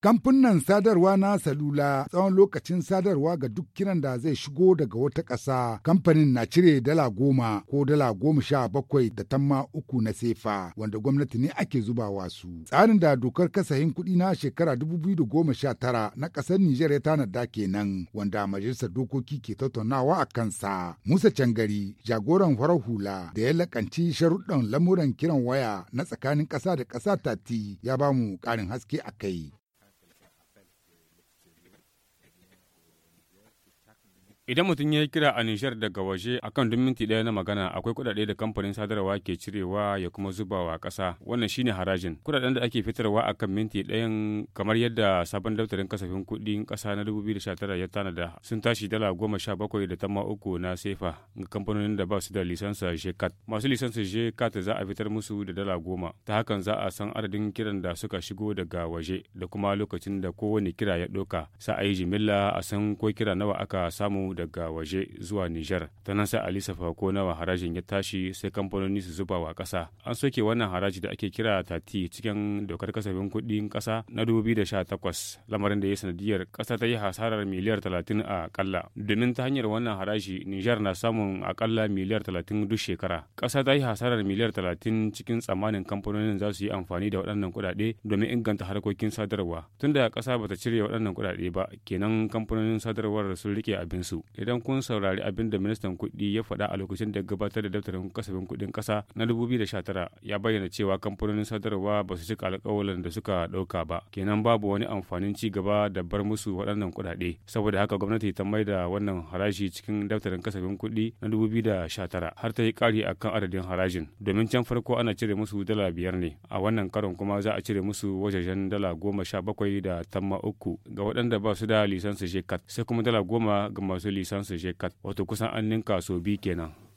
Kamfunan sadarwa na salula tsawon lokacin sadarwa ga duk kiran da zai shigo daga wata ƙasa. Kamfanin na cire dala goma ko dala goma sha bakwai da tamma uku na sefa wanda gwamnati ne ake zubawa su. Tsarin da dokar kasahin kuɗi na shekara dubu biyu da goma sha tara na ƙasar Nijar ya tanada kenan wanda majalisar dokoki ke tattaunawa a kansa. Musa Cangari jagoran farar hula da ya lakanci sharuɗan lamuran kiran waya na tsakanin ƙasa da ƙasa tati ya bamu ƙarin haske a kai. Idan mutum ya yi kira a Nijar daga waje akan duk minti ɗaya na magana akwai kuɗaɗe da kamfanin sadarwa ke cirewa ya kuma zubawa ƙasa wannan shine harajin. Kuɗaɗen da ake fitarwa akan minti ɗayan kamar yadda sabon daftarin kasafin kuɗin ƙasa na 2019 ya tanada sun tashi dala goma sha bakwai da tamma uku na sefa ga kamfanonin da ba su da lisansa jekat Masu lisansa jekat za a fitar musu da dala goma ta hakan za a san adadin kiran da suka shigo daga waje da kuma lokacin da kowane kira ya ɗauka sa a yi jimilla a san ko kira nawa aka samu daga waje zuwa Nijar. Ta nan sai Alisa Fako nawa harajin ya tashi sai kamfanoni su zuba wa ƙasa. An soke wannan haraji da ake kira tati cikin dokar kasafin kuɗin ƙasa na 2018 lamarin da ya sanadiyar ƙasa ta yi hasarar miliyar 30 a ƙalla. Domin ta hanyar wannan haraji Nijar na samun aƙalla miliyar 30 duk shekara. Ƙasa ta yi hasarar miliyar 30 cikin tsammanin kamfanonin za su yi amfani da waɗannan kuɗaɗe domin inganta harkokin sadarwa. Tunda ƙasa bata cire waɗannan kuɗaɗe ba kenan kamfanonin sadarwar sun rike abinsu idan kun saurari abin da ministan kuɗi ya faɗa a lokacin da gabatar da daftarin kasafin kuɗin ƙasa na dubu 2019 ya bayyana cewa kamfanonin sadarwa ba su cika alƙawalan da suka ɗauka ba kenan babu wani amfanin ci gaba da bar musu waɗannan kuɗaɗe saboda haka gwamnati ta maida wannan haraji cikin daftarin kasafin kuɗi na 2019 har ta yi ƙari a kan adadin harajin domin can farko ana cire musu dala biyar ne a wannan karon kuma za a cire musu wajajen dala goma sha bakwai da tamma uku ga waɗanda ba su da lisansu shekat sai kuma dala goma ga masu masu lisansu g wato kusan an ninka so bi kenan.